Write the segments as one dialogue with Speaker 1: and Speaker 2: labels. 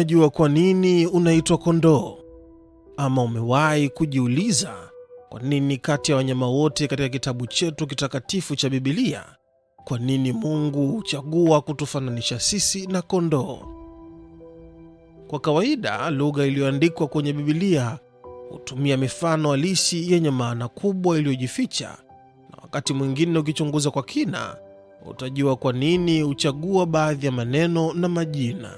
Speaker 1: Unajua kwa nini unaitwa kondoo? Ama umewahi kujiuliza kwa nini kati ya wanyama wote katika kitabu chetu kitakatifu cha Bibilia, kwa nini Mungu huchagua kutufananisha sisi na kondoo? Kwa kawaida, lugha iliyoandikwa kwenye Bibilia hutumia mifano halisi yenye maana kubwa iliyojificha, na wakati mwingine ukichunguza kwa kina utajua kwa nini huchagua baadhi ya maneno na majina.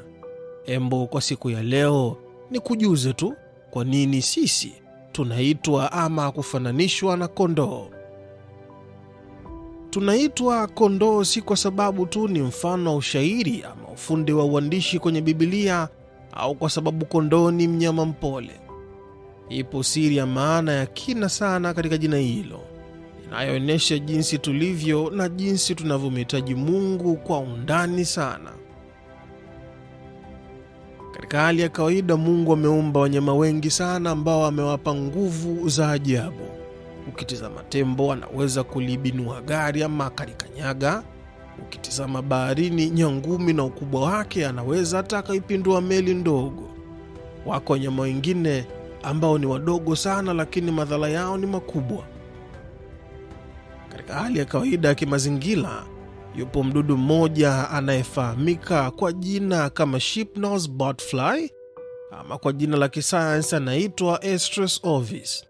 Speaker 1: Embo, kwa siku ya leo ni kujuze tu kwa nini sisi tunaitwa ama kufananishwa na kondoo. Tunaitwa kondoo si kwa sababu tu ni mfano wa ushairi ama ufundi wa uandishi kwenye Bibilia au kwa sababu kondoo ni mnyama mpole. Ipo siri ya maana ya kina sana katika jina hilo inayoonyesha jinsi tulivyo na jinsi tunavyomhitaji Mungu kwa undani sana. Katika hali ya kawaida, Mungu ameumba wanyama wengi sana ambao amewapa nguvu za ajabu. Ukitizama tembo anaweza kulibinua gari ama akalikanyaga. Ukitizama baharini, nyangumi na ukubwa wake, anaweza hata akaipindua meli ndogo. Wako wanyama wengine ambao ni wadogo sana, lakini madhara yao ni makubwa. Katika hali ya kawaida ya kimazingira, yupo mdudu mmoja anayefahamika kwa jina kama Shipnose botfly ama kwa jina la kisayansi anaitwa estres ovis.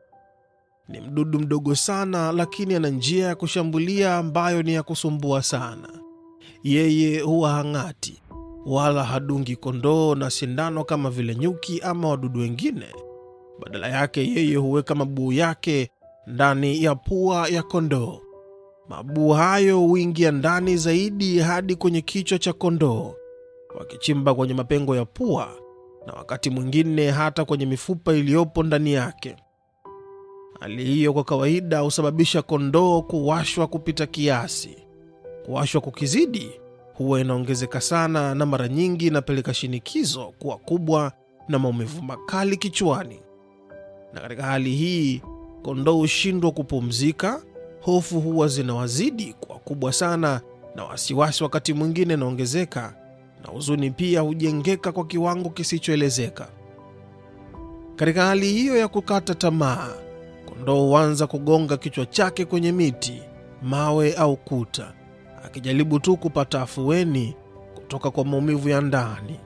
Speaker 1: Ni mdudu mdogo sana, lakini ana njia ya kushambulia ambayo ni ya kusumbua sana. Yeye huwa hang'ati wala hadungi kondoo na sindano kama vile nyuki ama wadudu wengine. Badala yake, yeye huweka mabuu yake ndani ya pua ya kondoo Mabuu hayo huingia ndani zaidi hadi kwenye kichwa cha kondoo, wakichimba kwenye mapengo ya pua na wakati mwingine hata kwenye mifupa iliyopo ndani yake. Hali hiyo kwa kawaida husababisha kondoo kuwashwa kupita kiasi. Kuwashwa kukizidi huwa inaongezeka sana na mara nyingi inapeleka shinikizo kuwa kubwa na maumivu makali kichwani, na katika hali hii kondoo hushindwa kupumzika hofu huwa zinawazidi kwa kubwa sana, na wasiwasi wakati mwingine inaongezeka, na huzuni pia hujengeka kwa kiwango kisichoelezeka. Katika hali hiyo ya kukata tamaa, kondoo huanza kugonga kichwa chake kwenye miti, mawe au kuta, akijaribu tu kupata afueni kutoka kwa maumivu ya ndani.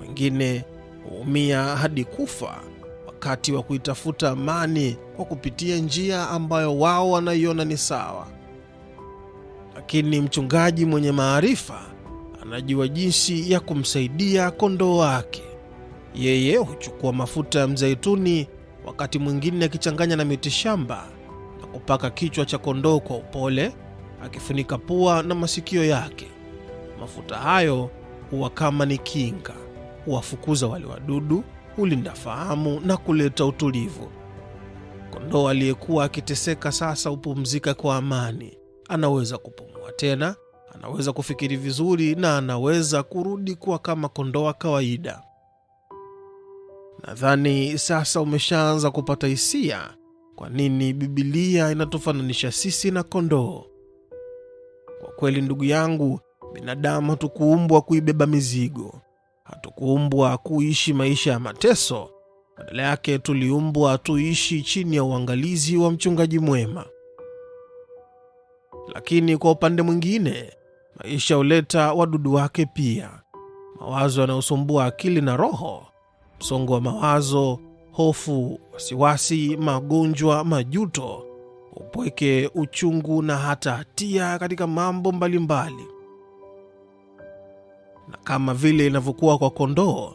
Speaker 1: Wengine huumia hadi kufa wakati wa kuitafuta amani kwa kupitia njia ambayo wao wanaiona ni sawa. Lakini mchungaji mwenye maarifa anajua jinsi ya kumsaidia kondoo wake. Yeye huchukua mafuta ya mzeituni, wakati mwingine akichanganya na mitishamba na kupaka kichwa cha kondoo kwa upole, akifunika pua na masikio yake. Mafuta hayo huwa kama ni kinga, huwafukuza wale wadudu hulinda fahamu na kuleta utulivu. Kondoo aliyekuwa akiteseka sasa hupumzika kwa amani, anaweza kupumua tena, anaweza kufikiri vizuri na anaweza kurudi kuwa kama kondoo wa kawaida. Nadhani sasa umeshaanza kupata hisia kwa nini Bibilia inatufananisha sisi na kondoo. Kwa kweli, ndugu yangu, binadamu hatukuumbwa kuibeba mizigo. Hatukuumbwa kuishi maisha ya mateso, badala yake tuliumbwa tuishi chini ya uangalizi wa mchungaji mwema. Lakini kwa upande mwingine, maisha huleta wadudu wake pia: mawazo yanayosumbua akili na roho, msongo wa mawazo, hofu, wasiwasi, magonjwa, majuto, upweke, uchungu na hata hatia katika mambo mbalimbali mbali na kama vile inavyokuwa kwa kondoo,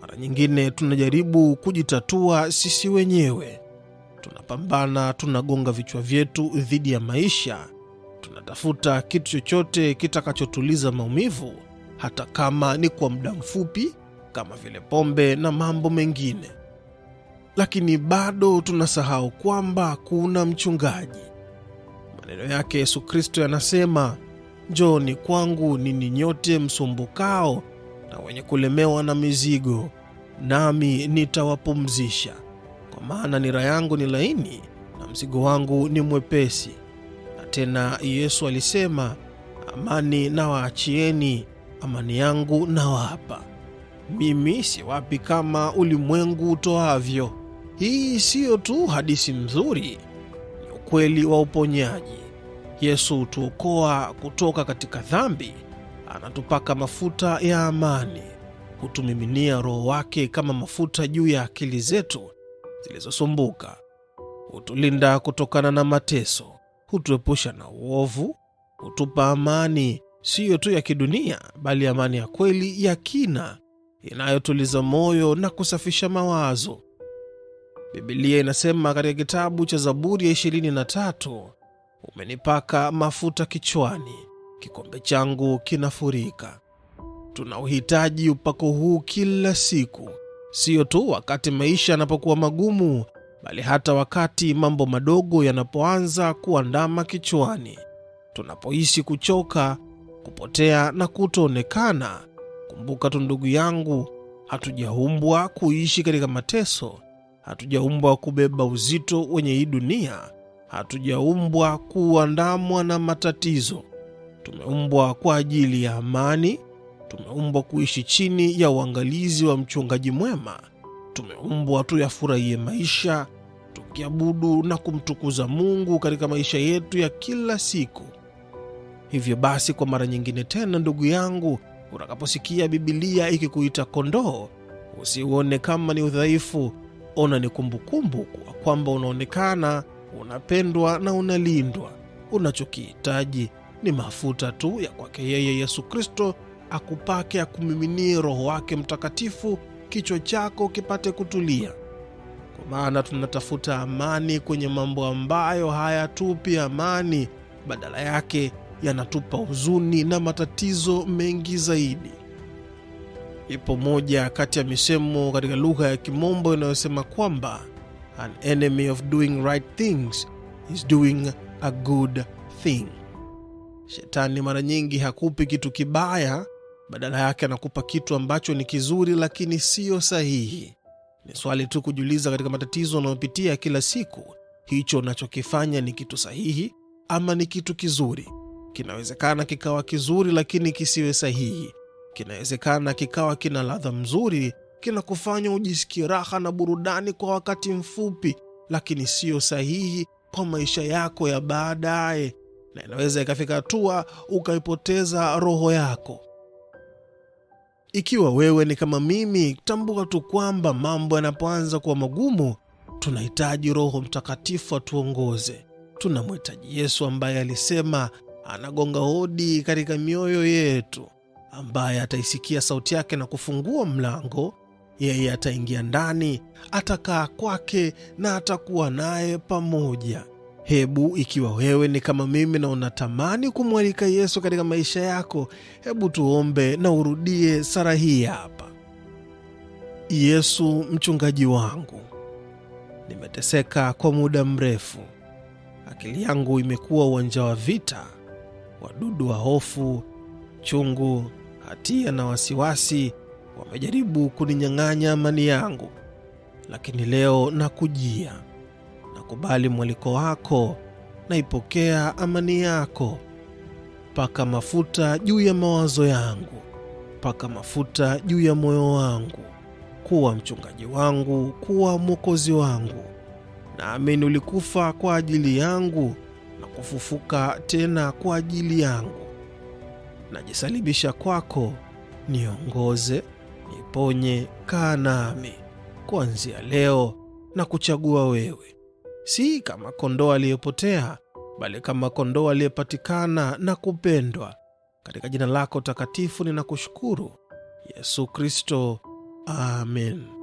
Speaker 1: mara nyingine tunajaribu kujitatua sisi wenyewe. Tunapambana, tunagonga vichwa vyetu dhidi ya maisha, tunatafuta kitu chochote kitakachotuliza maumivu, hata kama ni kwa muda mfupi, kama vile pombe na mambo mengine. Lakini bado tunasahau kwamba kuna mchungaji. Maneno yake Yesu Kristo yanasema Njooni kwangu nini nyote msumbukao na wenye kulemewa na mizigo, nami nitawapumzisha. Kwa maana nira yangu ni laini na mzigo wangu ni mwepesi. Na tena Yesu alisema, amani nawaachieni, amani yangu nawapa mimi siwapi kama ulimwengu utoavyo. Hii siyo tu hadithi nzuri, ni ukweli wa uponyaji. Yesu hutuokoa kutoka katika dhambi, anatupaka mafuta ya amani, hutumiminia Roho wake kama mafuta juu ya akili zetu zilizosumbuka, hutulinda kutokana na mateso, hutuepusha na uovu, hutupa amani siyo tu ya kidunia, bali amani ya kweli ya kina inayotuliza moyo na kusafisha mawazo. Bibilia inasema katika kitabu cha Zaburi ya 23 Umenipaka mafuta kichwani, kikombe changu kinafurika. Tunauhitaji upako huu kila siku, sio tu wakati maisha yanapokuwa magumu, bali hata wakati mambo madogo yanapoanza kuandama kichwani, tunapohisi kuchoka, kupotea na kutoonekana. Kumbuka tu ndugu yangu, hatujaumbwa kuishi katika mateso, hatujaumbwa kubeba uzito wenye hii dunia hatujaumbwa kuandamwa na matatizo. Tumeumbwa kwa ajili ya amani. Tumeumbwa kuishi chini ya uangalizi wa mchungaji mwema. Tumeumbwa tuyafurahie maisha, tukiabudu na kumtukuza Mungu katika maisha yetu ya kila siku. Hivyo basi, kwa mara nyingine tena, ndugu yangu, utakaposikia Bibilia ikikuita kondoo, usiuone kama ni udhaifu. Ona ni kumbukumbu kuwa kwamba unaonekana unapendwa na unalindwa. Unachokihitaji ni mafuta tu ya kwake yeye Yesu Kristo, akupake akumiminie Roho wake Mtakatifu, kichwa chako kipate kutulia, kwa maana tunatafuta amani kwenye mambo ambayo hayatupi amani, badala yake yanatupa huzuni na matatizo mengi zaidi. Ipo moja kati ya misemo katika lugha ya Kimombo inayosema kwamba An enemy of doing right things is doing a good thing. Shetani mara nyingi hakupi kitu kibaya, badala yake anakupa kitu ambacho ni kizuri lakini siyo sahihi. Ni swali tu kujiuliza, katika matatizo unayopitia kila siku, hicho unachokifanya ni kitu sahihi ama ni kitu kizuri? Kinawezekana kikawa kizuri lakini kisiwe sahihi. Kinawezekana kikawa kina ladha mzuri kinakufanya ujisikie raha na burudani kwa wakati mfupi, lakini siyo sahihi kwa maisha yako ya baadaye, na inaweza ikafika hatua ukaipoteza roho yako. Ikiwa wewe ni kama mimi, tambuka tu kwamba mambo yanapoanza kuwa magumu, tunahitaji Roho Mtakatifu atuongoze. Tunamhitaji Yesu ambaye alisema anagonga hodi katika mioyo yetu, ambaye ataisikia sauti yake na kufungua mlango yeye ataingia ndani, atakaa kwake na atakuwa naye pamoja. Hebu ikiwa wewe ni kama mimi na unatamani kumwalika Yesu katika maisha yako, hebu tuombe na urudie sara hii hapa: Yesu mchungaji wangu, nimeteseka kwa muda mrefu. Akili yangu imekuwa uwanja wa vita, wadudu wa hofu, chungu, hatia na wasiwasi wamejaribu kuninyang'anya mali yangu, lakini leo nakujia. Nakubali mwaliko wako, naipokea amani yako. Paka mafuta juu ya mawazo yangu, paka mafuta juu ya moyo wangu. Kuwa mchungaji wangu, kuwa mwokozi wangu. Naamini ulikufa kwa ajili yangu na kufufuka tena kwa ajili yangu. Najisalimisha kwako, niongoze, niponye, kaa nami kuanzia leo na kuchagua wewe, si kama kondoo aliyepotea, bali kama kondoo aliyepatikana na kupendwa. Katika jina lako takatifu ninakushukuru Yesu Kristo, amen.